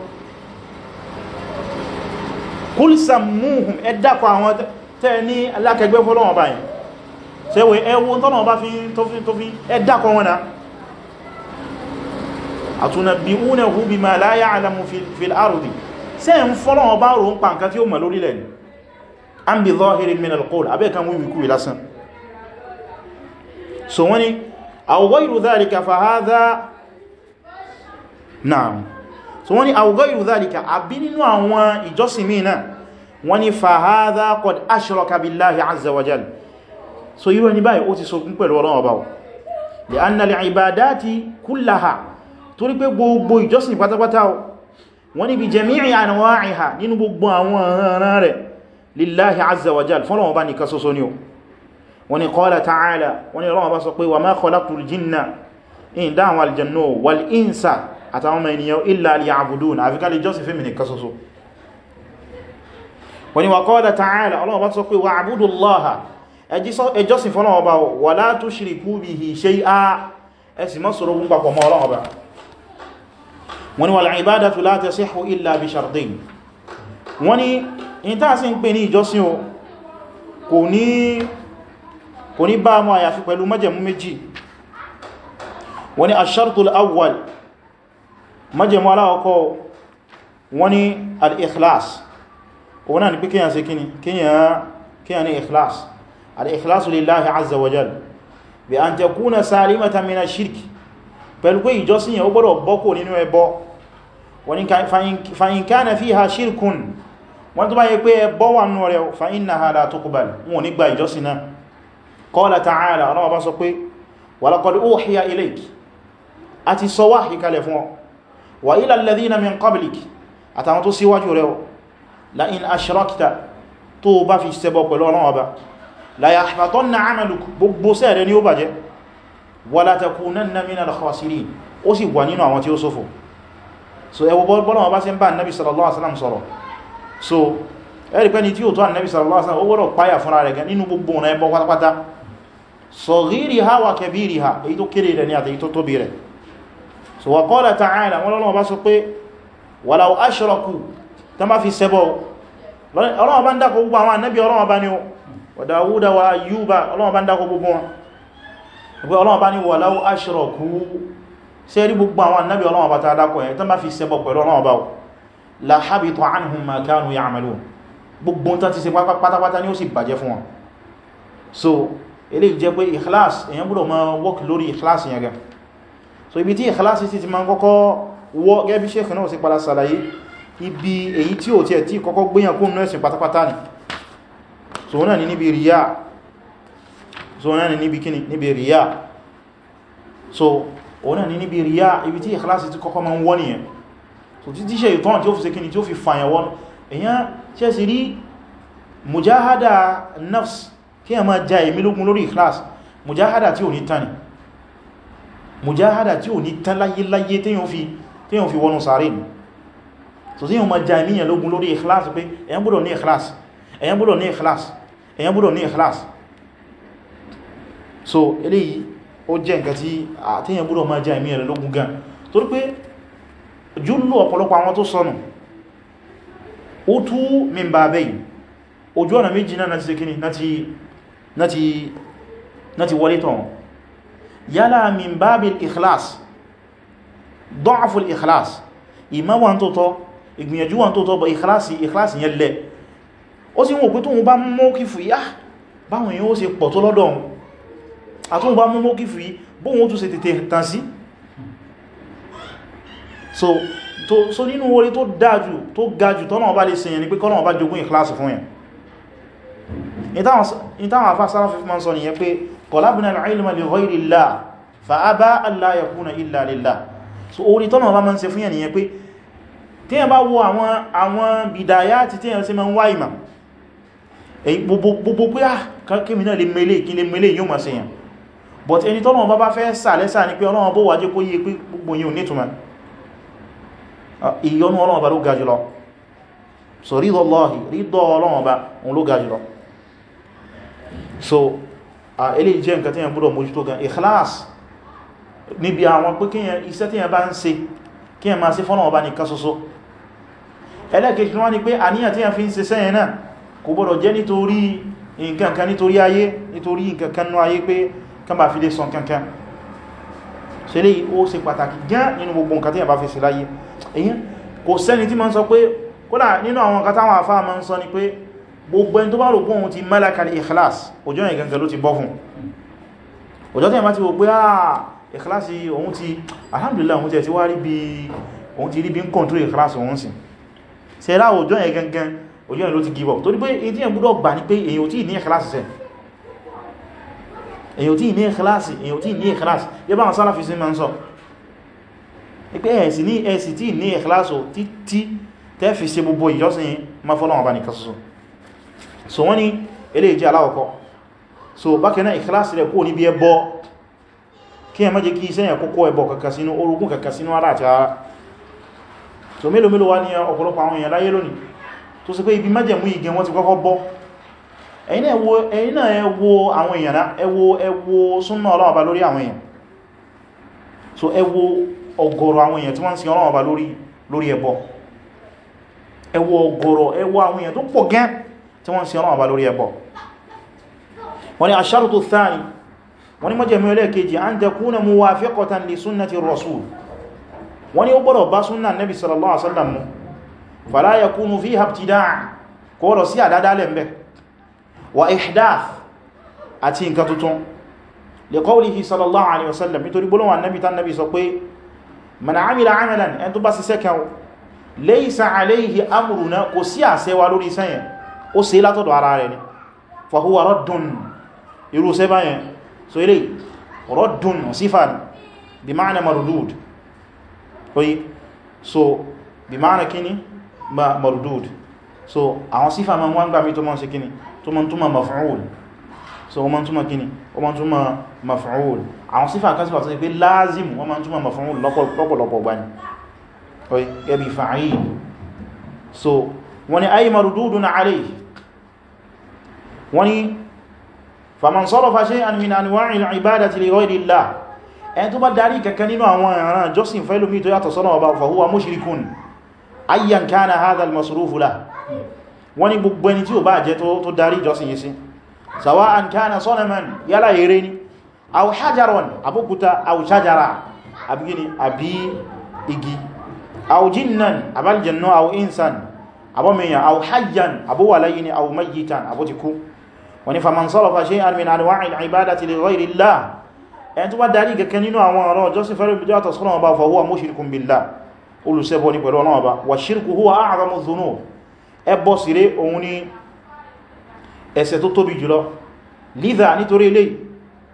kul sammuhum ẹ dákọ̀ ẹwọ́n tọ́nà ọba fi tó fi ẹ wọn náà àtúnàbíúnẹ̀hú bima la ya'lamu fil ardi ṣé ń fọ́lọ̀ ọba rò ń pa nǹkan tí ó mọ̀ lórílẹ̀ ni an bi zahirin min al-qawl abẹ́ kan mú ìwìkúrì lásán so wani aw ghayru dhalika fa hadha na'am so wani aw ghayru dhalika àbí nínú àwọn ìjọsìn torí pé gbogbo ìjọsìn pátápátá wọ́n níbi jami'i anwa'iha nínú gbogbo àwọn ọ̀rán rẹ̀ lillahi azza wa jal fọ́lọ̀wọ́ bá nìkan ṣoṣo ni o wọ́n ni qala ta'ala wọ́n ni ọlọ́wọ́ bá sọ pé wa ma khalaqtul jinna in da àwọn aljannu wal insa àtàwọn ènìyàn illa liya'budun àfikà lè jọ́sìn fún mi nìkan ṣoṣo wọ́n ni wa qala gbogbo àpọ̀mọ́ ọlọ́wọ́ bá wọ́n ni wal ibadatu la tasihhu illa bi shartain wọ́n ni in ta sí ń pè ní ìjọsìn o kò ní bá mọ́ àyàfi pẹ̀lú májẹ̀mú méjì wọ́n ni ashartul awwal májẹ̀mú aláwọ̀kọ́ wọ́n ni al wọ́n ni pẹ̀lú pé ìjọsìn yẹn ó gbọ́dọ̀ bọ́kò nínú ẹbọ wọ́n fàyínkána fi ha ṣírkùn wọ́n tó bá yẹ pé ẹbọ wà nù rẹ̀ fàyínà ha la tukubal wọn nígbà ìjọsìn náà qala ta'ala ọlọ́wọ́ bá sọ pé walaqad uhiya ilayk a ti sọ wáhì kalẹ̀ fún ọ wa ila alladhina min qablik wala takunanna minal khasirin ó sì wà nínú àwọn tí ó ṣòfò so ẹwọ bọ́lọ́wọ́ bá sí ń bá annabi sallallahu alaihi wasallam sọ̀rọ̀ so ẹ̀rì pẹ́ni tí ó tó annabi sallallahu alaihi wasallam ó gbọ́dọ̀ páyà fúnra rẹ̀ gan nínú gbogbo ọ̀nà ẹbọ pátápátá saghiriha wa kabiriha èyí tó kéré rẹ̀ ní àti èyí tó tóbi rẹ̀ so wa qala ta'ala wọn lọ́wọ́ ìgbé ọlọ́wọ́ bá ní walau ashraku ṣe rí gbogbo àwọn annabi ọlọ́wọ́ bá ta dákọ̀ ẹ̀ tán bá fi ṣẹbọ pẹ̀lú ọlọ́wọ́ bá la habita anhum ma kanu gbogbo tán ti ṣe pátápátá ní ó sì bàjẹ́ fún wọn so eléyìí jẹ́ pé ikhlas èyàn gbọ́dọ̀ máa work lórí so ibi tí ikhlas sì ti máa kọ́kọ́ wọ́ gẹ́bí sheikh náà sí padà sàlàyé ibi èyí so náà ni níbi so náà ni níbi kíni níbi ríyà so o náà ni níbi ríyà ibi tí ìkìláàsì ti kọ́kọ́ ma ń wọ́n nìyẹn so títí ṣe ìtọ́n tí ó fi ṣe kíni tí ó fi fàyàn wọ́n èyàn tí ẹ sì rí mujahada nafs kí a máa ja ìmílógún lórí ìkìláàsì mujahada tí ò ní tán ni mujahada so tí yíò ma ja ìmíyàn lógún lórí ìkìláàsì pé èyàn gbọ́dọ̀ ní ìkìláàsì èyàn gbọ́dọ̀ ní so eléyìí ó jẹ́ nǹkan tí àtíyàn gbọ́dọ̀ máa já ìmí rẹ̀ lógún gan torí pé jùlọ ọ̀pọ̀lọpọ̀ àwọn tó sọnù ó tú mímbà bẹ́yìn ojú ọ̀nà méjì náà láti sekini láti wọlé tán yálà mímbà bil ikhlas dọ́ọ̀ful ikhlas ìmá wà tó tọ́ ìgbìyànjú wà tó tọ́ bọ̀ ikhlasi ikhlasi yẹn lẹ ó sì wọ́n pé tóun bá mọ́ kí fìyà báwọn yóò ṣe pọ̀ tó lọ́dọ̀ àtún bá mú mọ́kí fi bóhun tún ṣe tètè tàn sí so so nínú orí tó dájú tó gajù tọ́nà ọba lè sèyàn ni pé kọ́nà ọba jogún ìkláàsì fún yẹn ìtàwọn afá sára fífí ma ń sọ nìyẹn pé kọlábùn al-ilma so orí tọ́nà ọba ma ń ṣe fún yẹn nìyẹn pé tí yẹn bá wo àwọn àwọn bìdáyà ti tí yẹn sí ma ń wá ìmà gbogbo pé ah, yóò ma sèyàn but ẹni tọ́nà ọba bá fẹ́ sàlẹ́sà ní pé ọlọ́run bó wájé kó yí pé gbogbo yíò nítùmọ̀ ìyọnú ọlọ́run ọba ló ga jùlọ so rídọ́ lọ́hì rídọ́ ọlọ́run ọba òun ló ga jùlọ so ilé jẹ́ nǹkan tí yẹn gbọ́dọ̀ mójútó gan ikhlas níbi àwọn pé kíyàn iṣẹ́ tí yẹn bá ń ṣe kíyàn máa ṣe fọ́nà ọba nìkan ṣoṣo ẹlẹ́kejì wọ́n ni pé àníyàn tí yẹn fi ń ṣe sẹ́yẹn náà kò gbọ́dọ̀ jẹ́ nítorí nǹkan kan nítorí ayé nítorí nǹkan kan nú ayé pé tán bá fi lè sọ kankan ṣe lè ó ṣe pàtàkì gán nínú gbogbo nǹkan tí a bá fi ṣe láyé èyí kò sẹ́ni tí ma ń sọ pé kódà nínú àwọn nǹkan táwọn àfáà ma ń sọ ni pé gbogbo ẹni tó bá rò pọ́n ti mẹ́lákàlì ikhlas òjò yẹn gangan ló ti bọ́ fún òjò tí a bá ti wò pé àà ikhlas òun ti alhamdulillah òun ti wá rí bí òun ti rí bí ń control ikhlas òun sì give up torí pé èyí tí yẹn gbúdọ̀ gbà ní pé èyí ò tí ní ikhlas sẹ́yìn èyàn tí ní ìkìláàsì èyàn tí ní ìkìláàsì yẹ bá wọn sálàfí sí ma ń sọ ipé ẹ̀sì ní ẹ̀sì tí ní ìkìláàsì títí tẹ́fì sí gbogbo ìjọsìn ma fọ́lọ́wọ́n bá nìkan sọ́sọ́ so wọ́n ni ilé ìjẹ́ aláwọ̀kọ́ so bákanáà ìkìláàsì rẹ̀ kó ní bí ẹbọ kí ẹ má jẹ́ kí iṣẹ́ yẹn kókó ẹbọ kàkàsínú orogún kàkàsínú ara àti ara so mélòó mélòó wá ní ọ̀pọ̀lọpọ̀ àwọn èèyàn láyé lónìí tó sì pé ibi májẹ̀mú igẹ̀ wọ́n ti kọ́kọ́ bọ́ ẹ̀yin náà ẹ wo àwọn èèyàn náà ẹ wo ẹ wo súnnà Ọlọ́run lórí àwọn èèyàn so ẹ wo ọ̀gọ̀rọ̀ àwọn èèyàn tí wọ́n ń sin Ọlọ́run Ọba lórí ẹbọ ẹ wo ọ̀gọ̀rọ̀ ẹ wo àwọn èèyàn tó pọ̀ gán tí wọ́n ń sin Ọlọ́run Ọba lórí ẹbọ wọ́n ni ash-shartu thani wọ́n ni mọ́jẹ̀mí ẹlẹ́ẹ̀kejì an takuna muwafiqatan li sunnati rasul wọ́n ni wa ihdath àti nǹkan tuntun li qawlihi sallallahu alaihi wasallam nítorí gbólóhùn annabi tán nabi sọ pé man amila amalan ẹn tó bá ṣiṣẹ́ kan laysa alayhi amruna kò sí àṣẹ wa lórí iṣẹ́ yẹn ó ṣe látọ̀dọ̀ ara rẹ̀ ni fa huwa raddun irú ṣe báyẹn so ilé raddun sífà ni bí ma'ana mardud oyi so bí ma'ana kíni mardud so àwọn sífà ma wọ́n gbà mí tó mọ́ sí kíni tó ma túnmà maf'ul so wọ́n ma túnmà kíni wọ́n ma túnmà maf'ul àwọn sífà kásífà tó ní pé lázim wọ́n ma túnmà maf'ul lọ́pọ̀lọpọ̀ gbani oye gẹbi fa'il so wani ayi marududun alayhi wani faman sarafa shay'an min anwa'il ibadati li ghayri llah ẹni tó bá darí kankan nínú àwọn ìran jọ́sìn fẹ́lómi tó yàtọ̀ sọ́nà ọba fa huwa wọ́n ní gbogbo ẹni tí ó bá jẹ́ tó darí ìjọsìn yìí sí sàwá an kánà sọ́nàmàn yálà eré ní àwòṣájarọ̀n àbúkúta àwòṣájara àbígini àbí igi àwòjínnan àbáljanná àwòínsan àbọ́mìyàn àwòhayyan àbúwàláyí ni àwòmáyítan àbútikú wani faman sọ́lọ́fà ṣe àmì àníwáyìn àìbádàtí lè rọ́ ìrìlá ẹni tó bá darí kẹ́kẹ́ nínú àwọn ọ̀rọ̀ ọjọ́sìn fẹ́rẹ̀ bí jọ́ta sọ́lọ́wọ́ bá fọwọ́ mọ́ṣirkun billah olùsẹ́bọ̀ ní pẹ̀lú ọlọ́wọ́ bá wà ẹbọ síre òun ni ẹ̀ṣẹ̀ tó tóbi jùlọ lidha nítorí ilé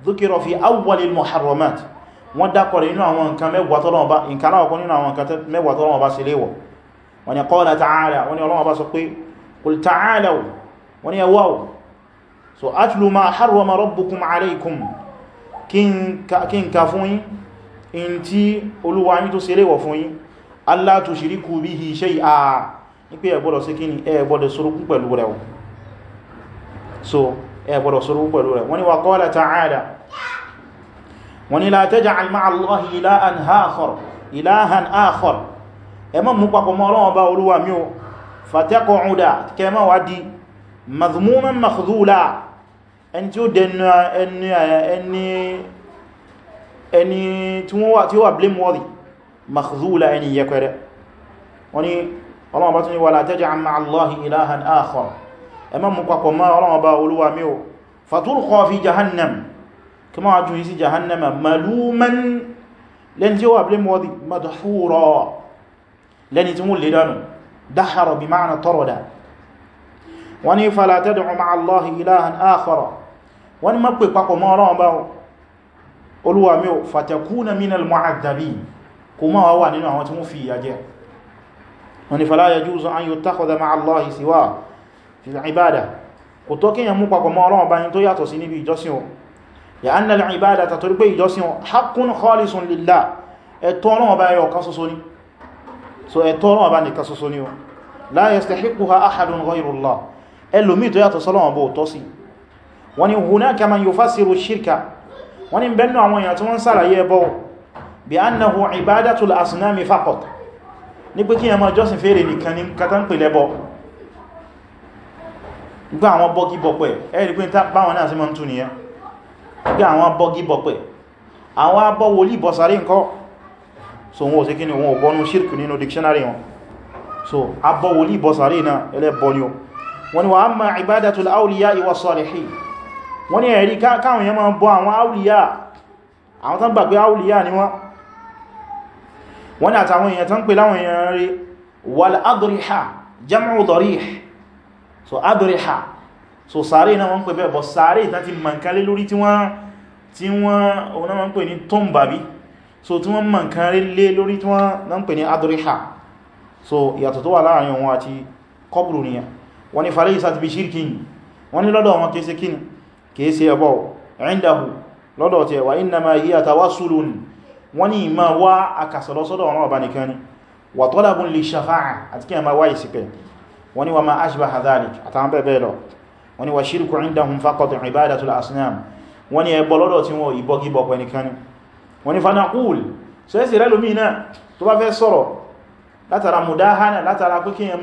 dhukira fi awwalil muharramat wọ́n dákọ̀rẹ̀ inú àwọn nǹkan mẹ́wàá tọ́lọ́wọ́ba nǹkan láwọ̀kọ́ nínú àwọn nǹkan mẹ́wàá tọ́lọ́wọ́ba sí léwọ̀ wọ́n ni qala ta'ala wọ́n ni ọlọ́wọ́ba sọ pé qul ta'alaw wọ́n ni ẹwà so atlu ma harrama rabbukum fún yín in tó sí léwọ̀ fún yín alla ní pé ẹ̀gbọ́dọ̀ sí kíni ẹ̀gbọ́dọ̀ sorogún pẹ̀lú rẹ̀ so ẹ̀gbọ́dọ̀ sorogún pẹ̀lú rẹ̀ wọ́n ni wa qala ta'ala wọ́n ni la taj'al ma'a Allahi ilahan akhar ilahan akhar ẹ má mú papọ̀ mọ́ Ọlọ́run bá Olúwa mi o fataq'uda kẹma wá di madhmuman makhdhula ẹni tí ó ni ọlọ́wọ́ bá tún ní wala taj'al ma'a Allahi ilahan akhar ẹ má mú papọ̀ mọ́ ọlọ́wọ́ bá olúwa mi o faturqa fi jahannam kí máa jù sí jahannam maluman lẹ́ni tí ó wà bí mọ́dí madhura lẹ́ni tí wọ́n lè dánù dahara bi ma'na tarada wọ́n ní fala tad'u ma'a Allahi ilahan akhar wọ́n mọ́ kò máa wà nínú àwọn tí wọ́n fi ìyà wọ́n ni fala yajuzu an yutakhadha ma'a Allahi siwa fi al-ibada kò tọ́ kí yẹn mú papọ̀ mọ́ Ọlọ́run bá yín tó yàtọ̀ sí níbi ìjọsìn o ya anna al-ibada ta pé ìjọsìn o haqqun khalisun lillah ẹ̀tọ́ Ọlọ́run bá yọ kan ní pé kí ẹmọ jọ́sìn fèrè nìkan ní kátà ń pè lẹ́bọ gbá àwọn bọ́gí bọ̀pẹ̀ ẹ̀rì pé báwọn náà sí mọ́ tún nìyẹn gbá àwọn bọ́gí bọ̀pẹ̀ àwọn abọ́ wòlí bọ̀sàrí ńkọ́ so wọn ò sí kí ni wọn ò bọ́nú ṣírkù nínú dictionary wọn so abọ́ wòlí bọ̀sàrí náà ẹlẹ́bọ ni wọ́n ni wa wọ́n ni àtàwọn èèyàn tán pè láwọn èèyàn rí wal adriha jam'u darih so adriha so sàárè náà wọ́n pè bẹ́ẹ̀ bọ̀ sàárè ìta ti mọ̀nkálé lórí tí wọ́n tí wọ́n wọ́n pè ní tombabi so tí wọ́n mọ̀nkálé lórí tí wọ́n pè ní adriha so ìyàtọ̀ tó wà láàrin wọn àti kọbùrù wọ́n ní ìmá wá akàsọ̀lọ́sọ́dọ̀ ọ̀rọ̀ ọba nìkan ni wà talabun li shafa'a àti kí a máa wá ìsìpẹ̀ wọ́n ní wa ma ashbaha dhalik àtàwọn bẹ́ẹ̀ bẹ́ẹ̀ lọ wọ́n ní wa shirku indahum faqat ibadatul asnam wọ́n ní ẹbọ lọ́dọ̀ tí wọ́n ìbọ́gíbọ̀ pẹ̀ nìkan ni wọ́n ní fanaqul so ẹ́sì rẹ̀ lómi náà tó bá fẹ́ sọ̀rọ̀ látara mudahana látara pé kíyàn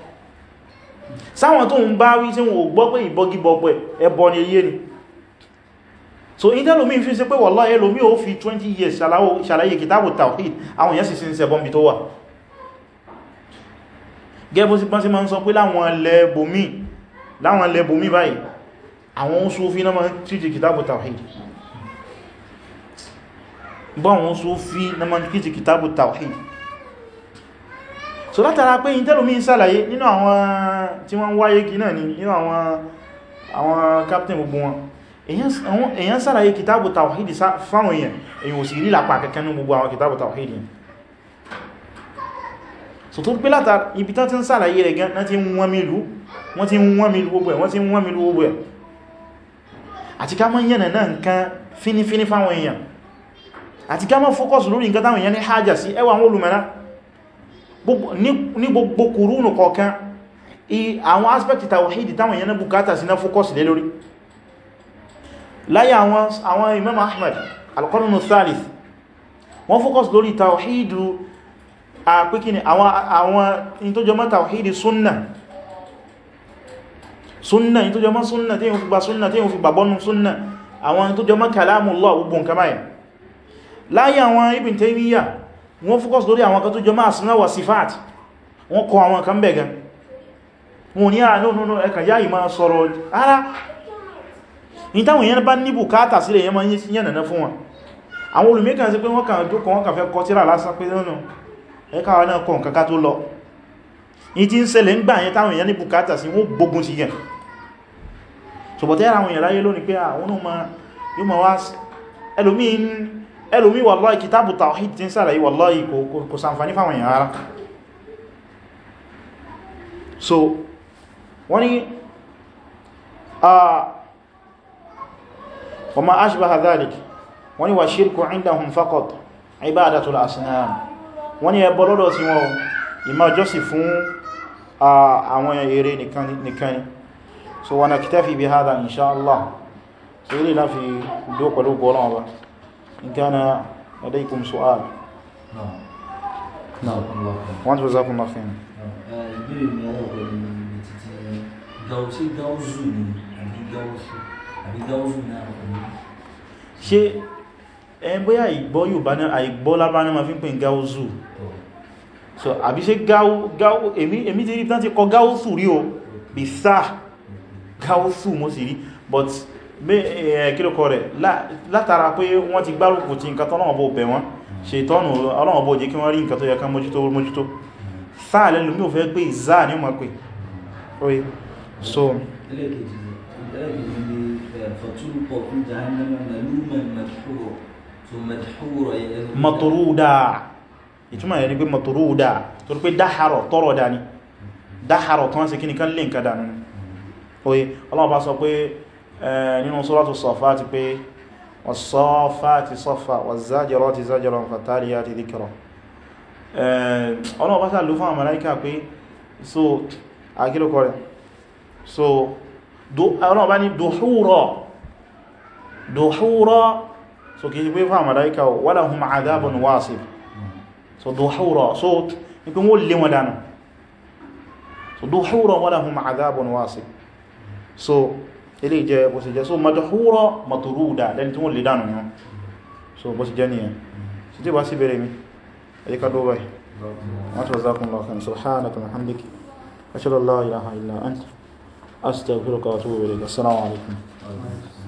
sáwọn tó ń bá wí tí wọ́n gbọ́ pé ìbọ́gíbọ́pẹ̀ ẹbọ ni eyé ni so ìdẹ́lòmí fi ṣe pé wọ́lá ẹlòmí ó fi 20 years ṣàlàyé kìtàbù tawhid àwọn èèyàn sí ń bí tó wà gẹ́bọ́ sí pọ́n sí ń sọ pé láwọn lẹ́bòmí báyìí so látara pé intelomi sàlàyé nínú àwọn tí wọ́n wáyé kì náà ni nínú àwọn captain gbogbo wọn èyàn sàlàyé kìtàbù tàwàhídì fáwọn èèyàn èyàn ò sì rí lápá kẹ́kẹ́ ní gbogbo àwọn kìtàbù tàwàhídì so tó pé látara ibi tán ti ń sàlàyé rẹ̀ gan náà ń wọ́n mílú ní gbogbo kùrúnù kọ̀ọ̀kan àwọn aspect tàwàhídì táwọn èèyàn bukata sí ná fókọ́sì lé lórí láyé àwọn Imam Ahmad al-Qarnu Thalith wọ́n fókọ́sì lórí tàwàhídù àpíkini àwọn ìtọ́jọmọ́ tàwàhídì súnnà súnnà ìtọ́jọmọ́ súnnà tí yíò fi gbà súnnà tí yíò fi gbàgbọ́nù súnnà àwọn ìtọ́jọmọ́ kalamullah gbogbo nǹkan báyìí láyé àwọn Ibn Taymiyyah wọ́n focus lórí àwọn kan tó jọ máa sínáwà sífàtì wọ́n kọ àwọn kan bẹ̀gan wọ́n ní àánú ah, nínú ẹka yáyì máa sọ̀rọ̀ ara ní táwọn èèyàn bá ní bùkátà sílẹ̀ èèyàn máa yẹnàná fún wọn àwọn olùmẹ́kàn sí pé wọ́n kàn jókòó wọ́n kàn fẹ́ kọ tírà lásán pé lọ́nà ẹka wọn náà kọ̀ kankan tó lọ ní tí ń ṣẹlẹ̀ ń gbà yẹn táwọn èèyàn ní bùkátà sí wọ́n ẹlùmí wallahi kìtàbù tawhid tí ń sàlàyé wallahi kò sàǹfàní fáwọn èèyàn ara so wọ́n ni wa ma ashbaha dhalik wọ́n ni wa shirku indahum faqat ibadatul asnam wọ́n ni ẹbọ lọ́dọ̀ sí wọn ìmá jọ́sì fún àwọn eré nìkan ni so wa naktafi bi hadha insha Allah so ilé láfi dó pẹ̀lú إن كان لديكم سؤال نعم نعم وانت جزاكم الله خير ṣe ẹn bóyá ìgbọ́ Yorùbá náà àìgbọ́ lábá náà ma fi ń pè gáúzù so àbí ṣe gáú èmi ti rí tán ti kọ gáúsù rí o bí sáà gáúsù mo sì rí but kílòkọ rẹ̀ látara pé wọ́n ti gbárùkù ti nǹkan tọ́lọ́wọ́ bó bẹ̀ wọ́n ṣe ìtọ́nù ọlọ́wọ́ bó jẹ́ kí wọ́n rí nǹkan tó yẹ ká mójútó mójútó sáà lẹ́nu mí ò fẹ́ pé ìzá ní ọmọ pé oye so mọ̀tòrúdà ìtumọ̀ yẹ ni pé mọ̀tòrúdà torí pé dáhàrọ̀ tọ́rọ̀ dání dáhàrọ̀ tán sí kí ní ká lè nǹkan dànù oye ọlọ́wọ́ bá sọ pé Eh, nínú suratu safati pé was-safati saffa waz-zajirati zajran fattaliyati dhikra eh, ọlọ́wọ́ bá sáà ló fún àwọn màláíkà pé so àkílùkọ rẹ̀ so ọlọ́wọ́ bá ní duhura duhura so kìí pé fún àwọn màláíkà walahum adhabun wasif so duhura so ní pé wọ́n lè wọn so ilé ìjẹ́ bó sì jẹ́ so madhura maturuda lẹ́ni tí wọ́n lè dánù yàn so bó sì jẹ́ ní ẹ̀ sí tí wá sí bẹ̀rẹ̀ mi ẹ̀yí ká wọ́n tó zákun lọ́kàn